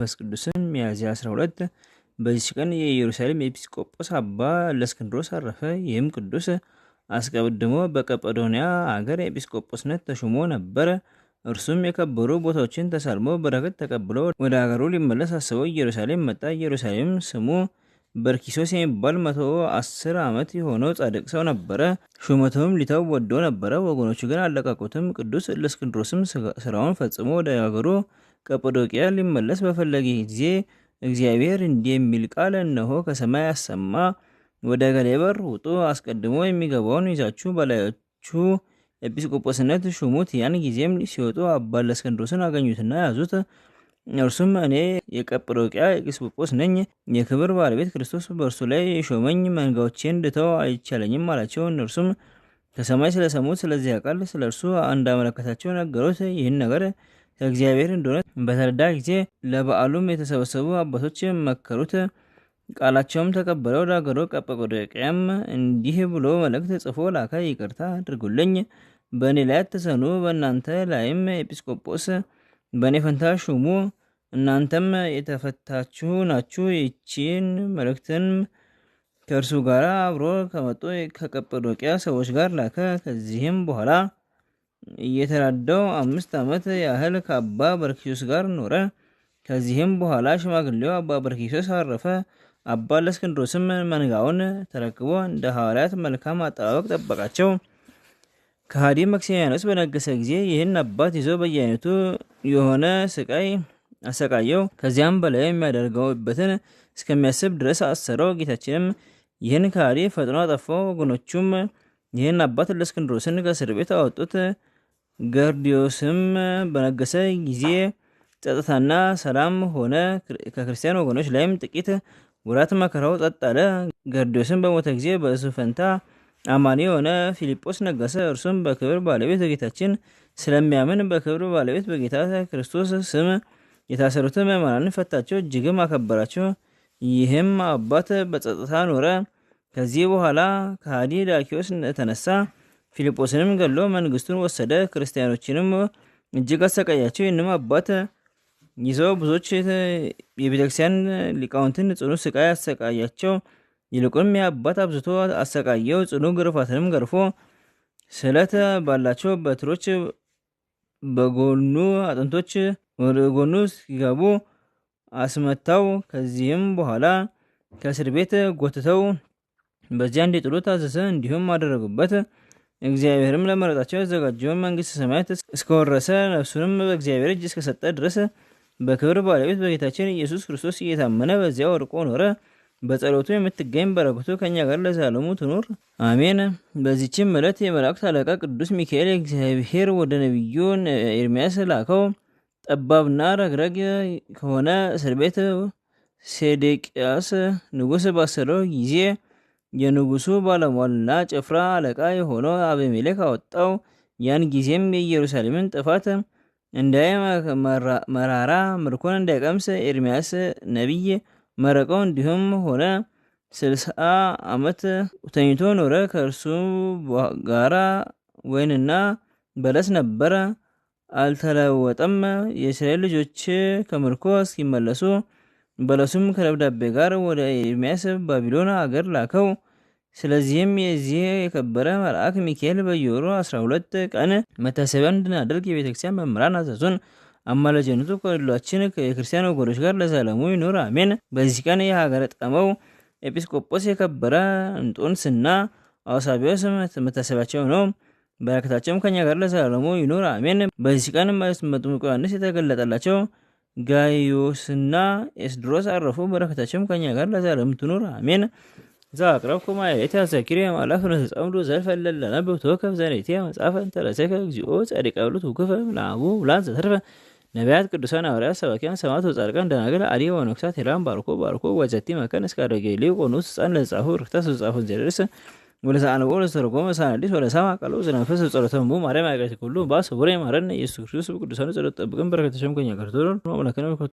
መንፈስ ቅዱስን ሚያዝያ 12 በዚች ቀን የኢየሩሳሌም ኤጲስቆጶስ አባ ለእስክንድሮስ አረፈ። ይህም ቅዱስ አስቀድሞ በቀጰዶንያ አገር ኤጲስቆጶስነት ተሹሞ ነበር። እርሱም የከበሩ ቦታዎችን ተሳልሞ በረከት ተቀብሎ ወደ አገሩ ሊመለስ አስበው ኢየሩሳሌም መጣ። ኢየሩሳሌም ስሙ በርኪሶስ የሚባል መቶ አስር ዓመት የሆነው ጻድቅ ሰው ነበረ። ሹመቱም ሊተው ወዶ ነበረ፣ ወገኖቹ ግን አለቀቁትም። ቅዱስ እለእስክንድሮስም ስራውን ፈጽሞ ወደ አገሩ ከጰዶቅያ ሊመለስ በፈለገ ጊዜ እግዚአብሔር እንዲህ የሚል ቃል እነሆ ከሰማይ አሰማ፣ ወደ ገሌ በር ውጡ፣ አስቀድሞ የሚገባውን ይዛችሁ በላያችሁ ኤጲስቆጶስነት ሹሙት። ያን ጊዜም ሲወጡ አባ እለእስክንድሮስን አገኙትና ያዙት። እርሱም እኔ የቀጰዶቅያ ኤጲስቆጶስ ነኝ፣ የክብር ባለቤት ክርስቶስ በእርሱ ላይ የሾመኝ፣ መንጋዎቼን እንድተው አይቻለኝም አላቸው። እነርሱም ከሰማይ ስለሰሙት ስለዚያ ቃል ስለ እርሱ እንዳመለከታቸው ነገሩት። ይህን ነገር ከእግዚአብሔር እንደሆነ በተረዳ ጊዜ ለበዓሉም የተሰበሰቡ አባቶች መከሩት። ቃላቸውም ተቀበለ። ወደ ሀገሩ ቀጰዶቅያም እንዲህ ብሎ መልእክት ጽፎ ላከ። ይቅርታ አድርጉልኝ፣ በእኔ ላይ ተሰኑ፣ በእናንተ ላይም ኤጲስቆጶስ በእኔ ፈንታ ሹሙ። እናንተም የተፈታችሁ ናችሁ። ይቺን መልእክትን ከእርሱ ጋር አብሮ ከመጡ ከቀጰዶቅያ ሰዎች ጋር ላከ። ከዚህም በኋላ እየተራዳው አምስት ዓመት ያህል ከአባ በርኪሶስ ጋር ኖረ። ከዚህም በኋላ ሽማግሌው አባ በርኪሶስ አረፈ። አባ ለእስክንድሮስም መንጋውን ተረክቦ እንደ ሐዋርያት መልካም አጠባበቅ ጠበቃቸው። ከሃዲ መክሲሚያኖስ በነገሰ ጊዜ ይህን አባት ይዞ በየአይነቱ የሆነ ስቃይ አሰቃየው። ከዚያም በላይ የሚያደርገውበትን እስከሚያስብ ድረስ አሰረው። ጌታችንም ይህን ከሃዲ ፈጥኖ አጠፋው። ወገኖቹም ይህን አባት ለእስክንድሮስን ከእስር ቤት አወጡት። ገርዲዮስም በነገሰ ጊዜ ጸጥታና ሰላም ሆነ። ከክርስቲያን ወገኖች ላይም ጥቂት ውራት መከራው ጸጥ አለ። ገርዲዮስም በሞተ ጊዜ በእሱ ፈንታ አማኒ የሆነ ፊልጶስ ነገሰ። እርሱም በክብር ባለቤት በጌታችን ስለሚያምን በክብር ባለቤት በጌታ ክርስቶስ ስም የታሰሩትን ምዕመናንን ፈታቸው፣ እጅግም አከበራቸው። ይህም አባት በጸጥታ ኖረ። ከዚህ በኋላ ከሃዲ ዳኪዎስ ተነሳ። ፊልጶስንም ገሎ መንግስቱን ወሰደ። ክርስቲያኖችንም እጅግ አሰቃያቸው። ይህንም አባት ይዘው ብዙዎች የቤተክርስቲያን ሊቃውንትን ጽኑ ስቃይ አሰቃያቸው። ይልቁንም የአባት አብዝቶ አሰቃየው። ጽኑ ግርፋትንም ገርፎ ስለት ባላቸው በትሮች በጎኑ አጥንቶች ወደ ጎኑ ሲገቡ አስመታው። ከዚህም በኋላ ከእስር ቤት ጎትተው በዚያ እንዲጥሉ ታዘዘ። እንዲሁም አደረጉበት። እግዚአብሔርም ለመረጣቸው ያዘጋጀውን መንግስት ሰማያት እስከወረሰ ነፍሱንም በእግዚአብሔር እጅ እስከሰጠ ድረስ በክብር ባለቤት በጌታችን ኢየሱስ ክርስቶስ እየታመነ በዚያ ወርቆ ኖረ። በጸሎቱ የምትገኝ በረከቱ ከእኛ ጋር ለዛለሙ ትኑር አሜን። በዚችም ዕለት የመላእክት አለቃ ቅዱስ ሚካኤል እግዚአብሔር ወደ ነቢዩ ኤርሚያስ ላከው። ጠባብና ረግረግ ከሆነ እስር ቤት ሴዴቅያስ ንጉሥ ባሰረው ጊዜ የንጉሱ ባለሟልና ጭፍራ አለቃ የሆነው አቤሜሌክ አወጣው። ያን ጊዜም የኢየሩሳሌምን ጥፋት እንዳይ መራራ ምርኮን እንዳይቀምስ ኤርሚያስ ነቢይ መረቀው። እንዲሁም ሆነ። ስልሳ ዓመት ተኝቶ ኖረ። ከእርሱ ጋራ ወይንና በለስ ነበረ፣ አልተለወጠም። የእስራኤል ልጆች ከምርኮ እስኪመለሱ በለሱም ከደብዳቤ ጋር ወደ ኤርምያስ ባቢሎን አገር ላከው። ስለዚህም የዚህ የከበረ መልአክ ሚካኤል በየወሩ 12 ቀን መታሰቢያ እንድናደርግ የቤተክርስቲያን መምህራን አዘዙን። አማላጅነቱ ከሁላችን የክርስቲያን ወገኖች ጋር ለዘላለሙ ይኑር አሜን። በዚህ ቀን የሀገረ ጠመው ኤጲስቆጶስ የከበረ እንጦንስና አውሳቢዎስ መታሰቢያቸው ነው። በረከታቸውም ከኛ ጋር ለዘላለሙ ይኑር አሜን። በዚህ ቀን መጥምቁ ዮሐንስ የተገለጠላቸው ጋይዮስና ኤስድሮስ አረፉ። በረከታቸውም ከኛ ጋር ለዘላለም ትኑር አሜን። ዘአቅረብኩ ማኅሌተ ዘኪርየ ማእላፍ ዘተጸምዱ ዘልፈለለ ነብብ ተወከፍ ዘንእትየ መጽሐፈ እንተ ረሰይከ እግዚኦ ጻድቀ ብሉት ውክፈ ለአቡ ውላን ዘተርፈ ነቢያት፣ ቅዱሳን፣ ሐዋርያት፣ ሰባኪያን፣ ሰማዕታት፣ ጻድቃን፣ ደናግል፣ አዲ ወነኮሳት ሄራን ባርኮ ባርኮ ወዘቲ መከን እስከ ሊቆኑ ሊቆኑስ ለጻፉ ርክታስ ርክታ ዘደርስ ወደ ወለዘአልቦ አዲስ ወደ ሰማ ቀሎ ዘእንፈሰ ጸሎተን ቡ ማርያም ሀገሪቱ ኩሉ ባስ ቡሬ ማረነ ኢየሱስ ክርስቶስ ብቅዱሳኑ ጸሎት ጠብቀን። በረከተ ከኛ ጋር ጋር ትኑር። አምላክነ